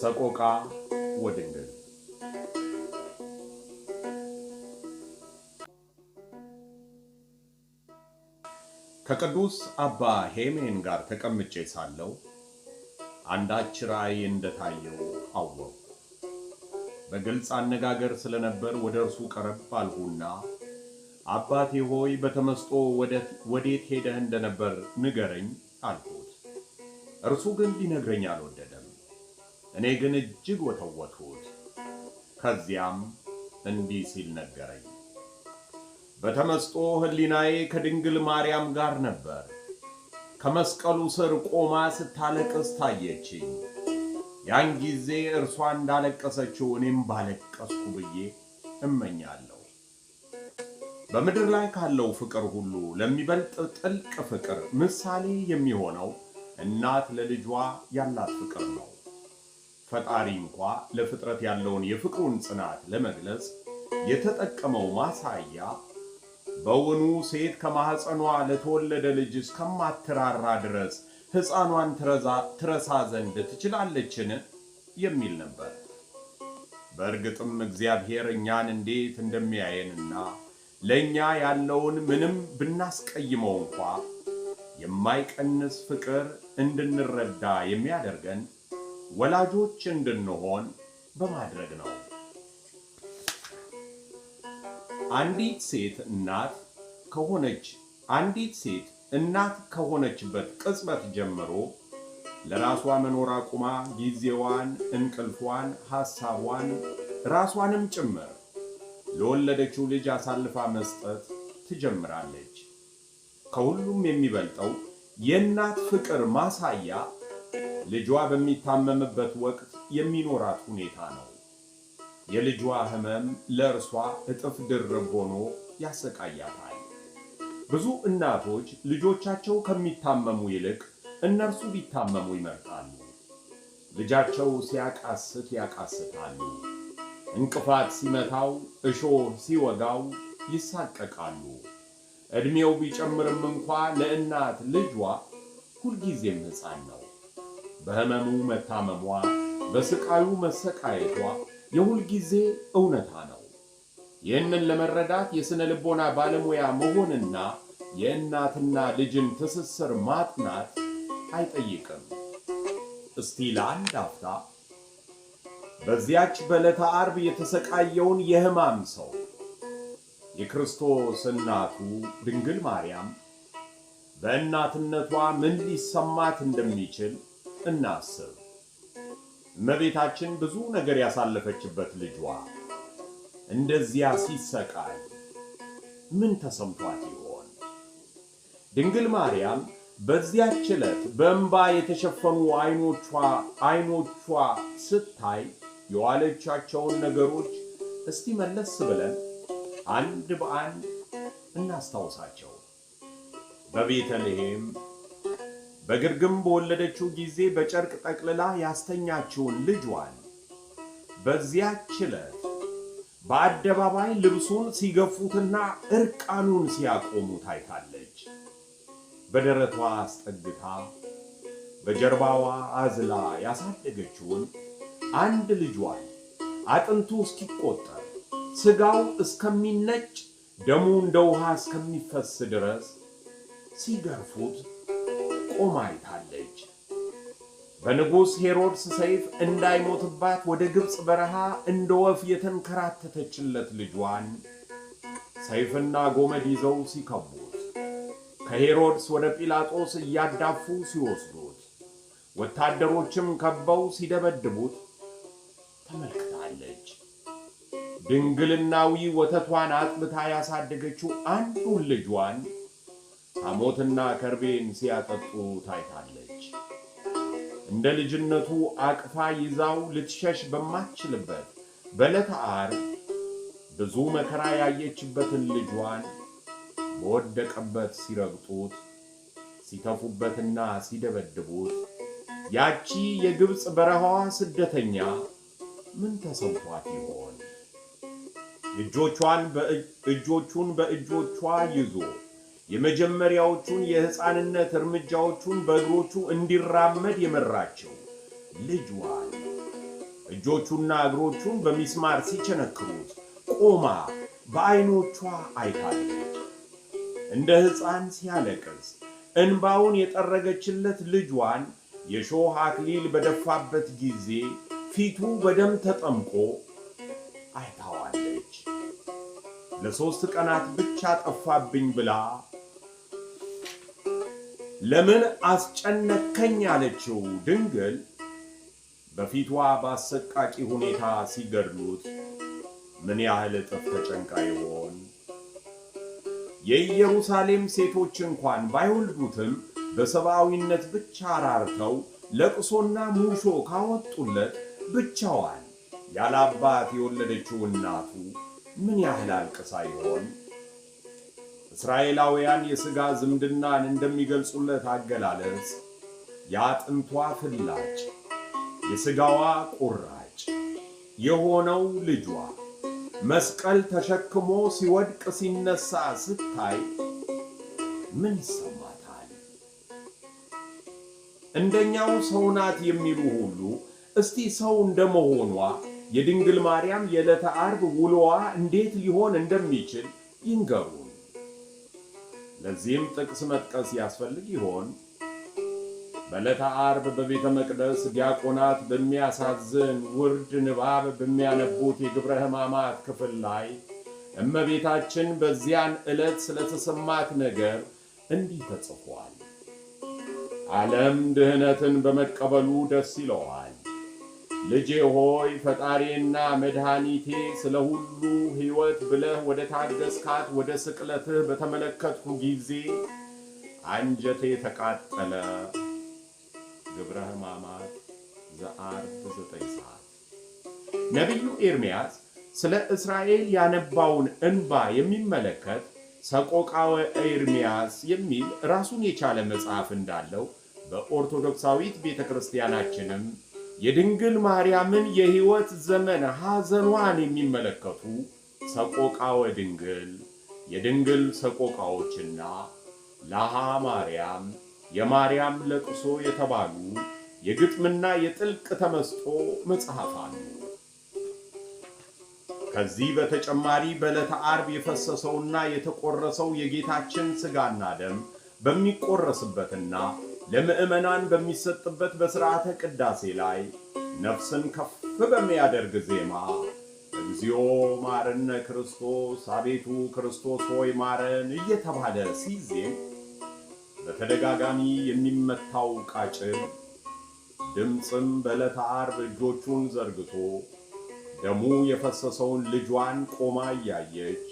ሰቆቃ ወድንግል ከቅዱስ አባ ሄሜን ጋር ተቀምጬ ሳለው አንዳች ራእይ እንደታየው አወቅ። በግልጽ አነጋገር ስለነበር ወደ እርሱ ቀረብ አልሁና አባቴ ሆይ በተመስጦ ወዴት ሄደህ እንደነበር ንገረኝ አልሁት። እርሱ ግን ሊነግረኝ አልወደደ። እኔ ግን እጅግ ወተወትሁት። ከዚያም እንዲህ ሲል ነገረኝ። በተመስጦ ሕሊናዬ ከድንግል ማርያም ጋር ነበር። ከመስቀሉ ስር ቆማ ስታለቅስ ታየችኝ። ያን ጊዜ እርሷ እንዳለቀሰችው እኔም ባለቀስኩ ብዬ እመኛለሁ። በምድር ላይ ካለው ፍቅር ሁሉ ለሚበልጥ ጥልቅ ፍቅር ምሳሌ የሚሆነው እናት ለልጇ ያላት ፍቅር ነው። ፈጣሪ እንኳ ለፍጥረት ያለውን የፍቅሩን ጽናት ለመግለጽ የተጠቀመው ማሳያ በውኑ ሴት ከማኅፀኗ ለተወለደ ልጅ እስከማትራራ ድረስ ሕፃኗን ትረሳ ዘንድ ትችላለችን? የሚል ነበር። በእርግጥም እግዚአብሔር እኛን እንዴት እንደሚያየንና ለእኛ ያለውን ምንም ብናስቀይመው እንኳ የማይቀንስ ፍቅር እንድንረዳ የሚያደርገን ወላጆች እንድንሆን በማድረግ ነው። አንዲት ሴት እናት ከሆነች አንዲት ሴት እናት ከሆነችበት ቅጽበት ጀምሮ ለራሷ መኖር አቁማ ጊዜዋን፣ እንቅልፏን፣ ሐሳቧን ራሷንም ጭምር ለወለደችው ልጅ አሳልፋ መስጠት ትጀምራለች። ከሁሉም የሚበልጠው የእናት ፍቅር ማሳያ ልጇ በሚታመምበት ወቅት የሚኖራት ሁኔታ ነው። የልጇ ህመም ለእርሷ እጥፍ ድርብ ሆኖ ያሰቃያታል። ብዙ እናቶች ልጆቻቸው ከሚታመሙ ይልቅ እነርሱ ቢታመሙ ይመርጣሉ። ልጃቸው ሲያቃስት ያቃስታሉ። እንቅፋት ሲመታው፣ እሾህ ሲወጋው ይሳቀቃሉ። ዕድሜው ቢጨምርም እንኳ ለእናት ልጇ ሁልጊዜም ሕፃን ነው። በህመሙ መታመሟ፣ በስቃዩ መሰቃየቷ የሁልጊዜ እውነታ ነው። ይህንን ለመረዳት የሥነ ልቦና ባለሙያ መሆንና የእናትና ልጅን ትስስር ማጥናት አይጠይቅም። እስቲ ለአንድ አፍታ በዚያች በዕለተ ዓርብ የተሰቃየውን የሕማም ሰው የክርስቶስ እናቱ ድንግል ማርያም በእናትነቷ ምን ሊሰማት እንደሚችል እናስብ። እመቤታችን ብዙ ነገር ያሳለፈችበት ልጇ እንደዚያ ሲሰቃይ ምን ተሰምቷት ይሆን? ድንግል ማርያም በዚያች ዕለት በእንባ የተሸፈኑ አይኖቿ አይኖቿ ስታይ የዋለቻቸውን ነገሮች እስቲ መለስ ብለን አንድ በአንድ እናስታውሳቸው። በቤተልሔም በግርግም በወለደችው ጊዜ በጨርቅ ጠቅልላ ያስተኛችውን ልጇን በዚያች ዕለት በአደባባይ ልብሱን ሲገፉትና እርቃኑን ሲያቆሙ ታይታለች። በደረቷ አስጠግታ በጀርባዋ አዝላ ያሳደገችውን አንድ ልጇን አጥንቱ እስኪቆጠር ሥጋው እስከሚነጭ ደሙ እንደ ውሃ እስከሚፈስ ድረስ ሲገርፉት ቆማ አይታለች። በንጉሥ ሄሮድስ ሰይፍ እንዳይሞትባት ወደ ግብፅ በረሃ እንደ ወፍ የተንከራተተችለት ልጇን ሰይፍና ጎመድ ይዘው ሲከቡት፣ ከሄሮድስ ወደ ጲላጦስ እያዳፉ ሲወስዱት፣ ወታደሮችም ከበው ሲደበድቡት ተመልክታለች። ድንግልናዊ ወተቷን አጥብታ ያሳደገችው አንዱን ልጇን ሐሞትና ከርቤን ሲያጠጡ ታይታለች። እንደ ልጅነቱ አቅፋ ይዛው ልትሸሽ በማትችልበት በዕለተ ዓርብ ብዙ መከራ ያየችበትን ልጇን በወደቀበት ሲረግጡት፣ ሲተፉበትና ሲደበድቡት ያቺ የግብፅ በረሃዋ ስደተኛ ምን ተሰምቷት ይሆን? እጆቿን በእጆቹን በእጆቿ ይዞ የመጀመሪያዎቹን የሕፃንነት እርምጃዎቹን በእግሮቹ እንዲራመድ የመራቸው ልጅዋ እጆቹና እግሮቹን በሚስማር ሲቸነክሩት ቆማ በዐይኖቿ አይታለች። እንደ ሕፃን ሲያለቅስ እንባውን የጠረገችለት ልጇን የሾህ አክሊል በደፋበት ጊዜ ፊቱ በደም ተጠምቆ አይታዋለች። ለሦስት ቀናት ብቻ ጠፋብኝ ብላ ለምን አስጨነከኝ ያለችው ድንግል በፊቷ በአሰቃቂ ሁኔታ ሲገድሉት ምን ያህል እጥፍ ተጨንቃ ይሆን? የኢየሩሳሌም ሴቶች እንኳን ባይወልዱትም በሰብአዊነት ብቻ አራርተው ለቅሶና ሙሾ ካወጡለት ብቻዋን ያለ አባት የወለደችው እናቱ ምን ያህል አልቅሳ ይሆን? እስራኤላውያን የሥጋ ዝምድናን እንደሚገልጹለት አገላለጽ የአጥንቷ ፍላጭ፣ የሥጋዋ ቁራጭ የሆነው ልጇ መስቀል ተሸክሞ ሲወድቅ ሲነሳ ስታይ ምን ይሰማታል? እንደኛው ሰው ናት የሚሉ ሁሉ እስቲ ሰው እንደመሆኗ የድንግል ማርያም የዕለተ ዓርብ ውሎዋ እንዴት ሊሆን እንደሚችል ይንገሩ። ለዚህም ጥቅስ መጥቀስ ያስፈልግ ይሆን? በዕለተ ዓርብ በቤተ መቅደስ ዲያቆናት በሚያሳዝን ውርድ ንባብ በሚያነቡት የግብረ ሕማማት ክፍል ላይ እመቤታችን በዚያን ዕለት ስለተሰማት ነገር እንዲህ ተጽፏል። ዓለም ድህነትን በመቀበሉ ደስ ይለዋል ልጄ ሆይ ፈጣሪና መድኃኒቴ ስለ ሁሉ ሕይወት ብለህ ወደ ታደስካት ወደ ስቅለትህ በተመለከትኩ ጊዜ አንጀቴ ተቃጠለ። ግብረ ሕማማት ዘአርብ ዘጠኝ ሰዓት ነቢዩ ኤርምያስ ስለ እስራኤል ያነባውን እንባ የሚመለከት ሰቆቃወ ኤርምያስ የሚል ራሱን የቻለ መጽሐፍ እንዳለው በኦርቶዶክሳዊት ቤተ ክርስቲያናችንም የድንግል ማርያምን የሕይወት ዘመን ሐዘኗን የሚመለከቱ ሰቆቃወ ድንግል፣ የድንግል ሰቆቃዎችና ላሃ ማርያም፣ የማርያም ለቅሶ የተባሉ የግጥምና የጥልቅ ተመስጦ መጽሐፍ አሉ። ከዚህ በተጨማሪ በዕለተ ዓርብ የፈሰሰውና የተቆረሰው የጌታችን ሥጋና ደም በሚቆረስበትና ለምዕመናን በሚሰጥበት በሥርዓተ ቅዳሴ ላይ ነፍስን ከፍ በሚያደርግ ዜማ እግዚኦ ማረነ ክርስቶስ፣ አቤቱ ክርስቶስ ሆይ ማረን እየተባለ ሲዜም በተደጋጋሚ የሚመታው ቃጭል ድምፅም በዕለተ ዓርብ እጆቹን ዘርግቶ ደሙ የፈሰሰውን ልጇን ቆማ እያየች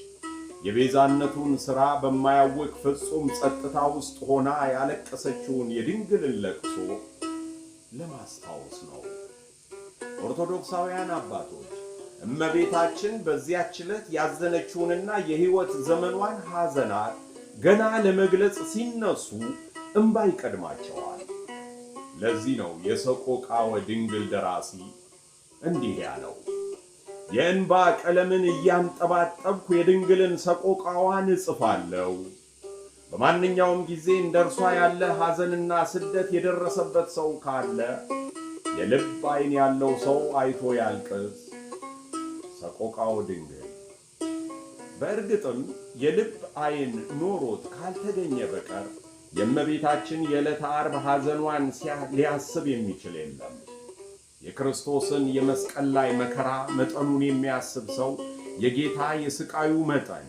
የቤዛነቱን ሥራ በማያውቅ ፍጹም ጸጥታ ውስጥ ሆና ያለቀሰችውን የድንግልን ለቅሶ ለማስታወስ ነው። ኦርቶዶክሳውያን አባቶች እመቤታችን በዚያች ዕለት ያዘነችውንና የሕይወት ዘመኗን ሐዘናት ገና ለመግለጽ ሲነሱ እምባ ይቀድማቸዋል። ለዚህ ነው የሰቆቃወ ድንግል ደራሲ እንዲህ ያለው። የእንባ ቀለምን እያንጠባጠብኩ የድንግልን ሰቆቃዋን እጽፋለሁ። በማንኛውም ጊዜ እንደ እርሷ ያለ ሐዘንና ስደት የደረሰበት ሰው ካለ የልብ ዐይን ያለው ሰው አይቶ ያልቅስ። ሰቆቃው ድንግል በእርግጥም የልብ ዐይን ኖሮት ካልተገኘ በቀር የእመቤታችን የዕለተ ዓርብ ሐዘኗን ሊያስብ የሚችል የለም። የክርስቶስን የመስቀል ላይ መከራ መጠኑን የሚያስብ ሰው የጌታ የስቃዩ መጠን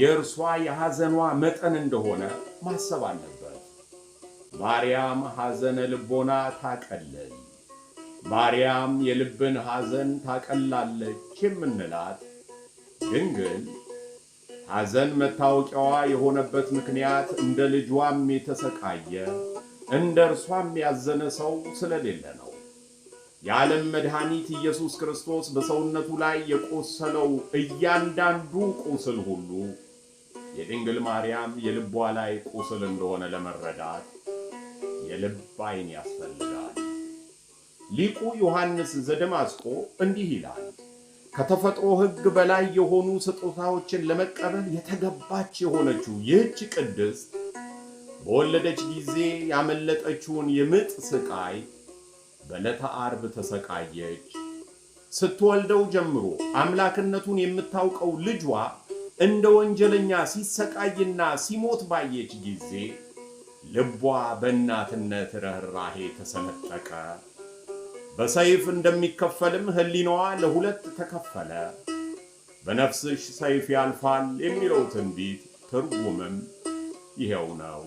የእርሷ የሐዘኗ መጠን እንደሆነ ማሰብ አለበት። ማርያም ሐዘነ ልቦና ታቀልል፣ ማርያም የልብን ሐዘን ታቀላለች የምንላት ድንግል ሐዘን መታወቂያዋ የሆነበት ምክንያት እንደ ልጇም የተሰቃየ እንደ እርሷም ያዘነ ሰው ስለሌለ ነው። የዓለም መድኃኒት ኢየሱስ ክርስቶስ በሰውነቱ ላይ የቆሰለው እያንዳንዱ ቁስል ሁሉ የድንግል ማርያም የልቧ ላይ ቁስል እንደሆነ ለመረዳት የልብ ዓይን ያስፈልጋል። ሊቁ ዮሐንስ ዘደማስቆ እንዲህ ይላል። ከተፈጥሮ ሕግ በላይ የሆኑ ስጦታዎችን ለመቀበል የተገባች የሆነችው ይህች ቅድስት በወለደች ጊዜ ያመለጠችውን የምጥ ስቃይ በዕለተ ዓርብ ተሰቃየች። ስትወልደው ጀምሮ አምላክነቱን የምታውቀው ልጇ እንደ ወንጀለኛ ሲሰቃይና ሲሞት ባየች ጊዜ ልቧ በእናትነት ርኅራሄ ተሰነጠቀ። በሰይፍ እንደሚከፈልም ሕሊናዋ ለሁለት ተከፈለ። በነፍስሽ ሰይፍ ያልፋል የሚለው ትንቢት ትርጉምም ይኸው ነው።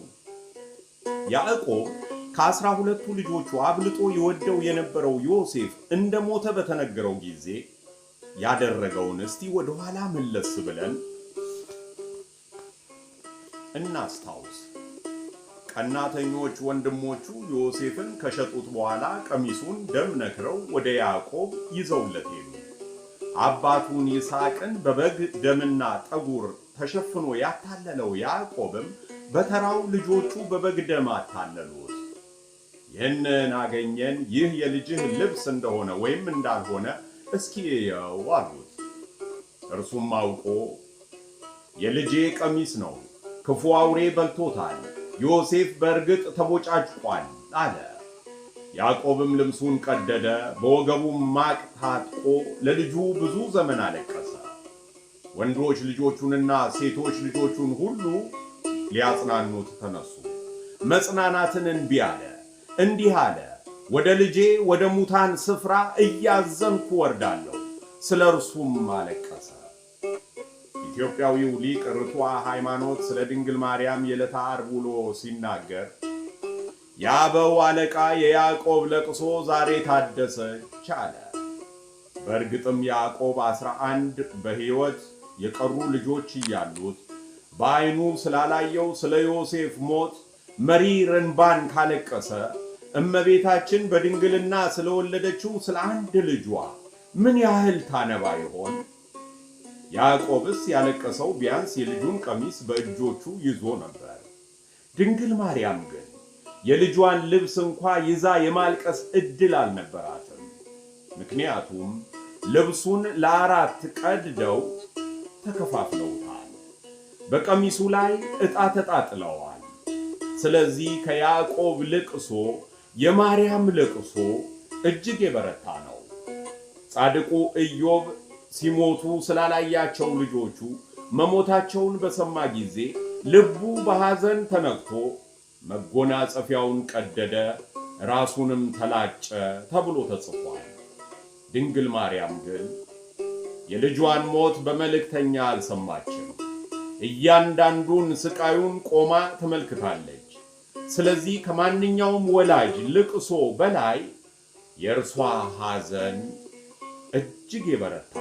ያዕቆብ ከአስራ ሁለቱ ልጆቹ አብልጦ የወደው የነበረው ዮሴፍ እንደ ሞተ በተነገረው ጊዜ ያደረገውን እስቲ ወደ ኋላ መለስ ብለን እናስታውስ። ቀናተኞች ወንድሞቹ ዮሴፍን ከሸጡት በኋላ ቀሚሱን ደም ነክረው ወደ ያዕቆብ ይዘውለት ሄዱ። አባቱን ይስሐቅን በበግ ደምና ጠጉር ተሸፍኖ ያታለለው ያዕቆብም በተራው ልጆቹ በበግ ደም አታለሉት። ይህንን አገኘን፣ ይህ የልጅህ ልብስ እንደሆነ ወይም እንዳልሆነ እስኪ እየው አሉት። እርሱም አውቆ የልጄ ቀሚስ ነው፣ ክፉ አውሬ በልቶታል፣ ዮሴፍ በእርግጥ ተቦጫጭቋል አለ። ያዕቆብም ልብሱን ቀደደ፣ በወገቡም ማቅ ታጥቆ ለልጁ ብዙ ዘመን አለቀሰ። ወንዶች ልጆቹንና ሴቶች ልጆቹን ሁሉ ሊያጽናኑት ተነሱ። መጽናናትን እንቢ አለ። እንዲህ አለ፣ ወደ ልጄ ወደ ሙታን ስፍራ እያዘንኩ ወርዳለሁ፣ ስለ እርሱም አለቀሰ። ኢትዮጵያዊው ሊቅ ርቱዐ ሃይማኖት ስለ ድንግል ማርያም የዕለተ ዓርብ ውሎ ሲናገር የአበው አለቃ የያዕቆብ ለቅሶ ዛሬ ታደሰች አለ። በእርግጥም ያዕቆብ ዐሥራ አንድ በሕይወት የቀሩ ልጆች እያሉት በዐይኑ ስላላየው ስለ ዮሴፍ ሞት መሪር እንባን ካለቀሰ እመቤታችን በድንግልና ስለወለደችው ስለ አንድ ልጇ ምን ያህል ታነባ ይሆን? ያዕቆብስ ያለቀሰው ቢያንስ የልጁን ቀሚስ በእጆቹ ይዞ ነበር። ድንግል ማርያም ግን የልጇን ልብስ እንኳ ይዛ የማልቀስ ዕድል አልነበራትም። ምክንያቱም ልብሱን ለአራት ቀድደው ተከፋፍለውታል፣ በቀሚሱ ላይ ዕጣ ተጣጥለዋል። ስለዚህ ከያዕቆብ ልቅሶ የማርያም ለቅሶ እጅግ የበረታ ነው። ጻድቁ ኢዮብ ሲሞቱ ስላላያቸው ልጆቹ መሞታቸውን በሰማ ጊዜ ልቡ በሐዘን ተነክቶ መጎናጸፊያውን ቀደደ፣ ራሱንም ተላጨ ተብሎ ተጽፏል። ድንግል ማርያም ግን የልጇን ሞት በመልእክተኛ አልሰማችም። እያንዳንዱን ስቃዩን ቆማ ተመልክታለች። ስለዚህ ከማንኛውም ወላጅ ልቅሶ በላይ የእርሷ ሐዘን እጅግ የበረታ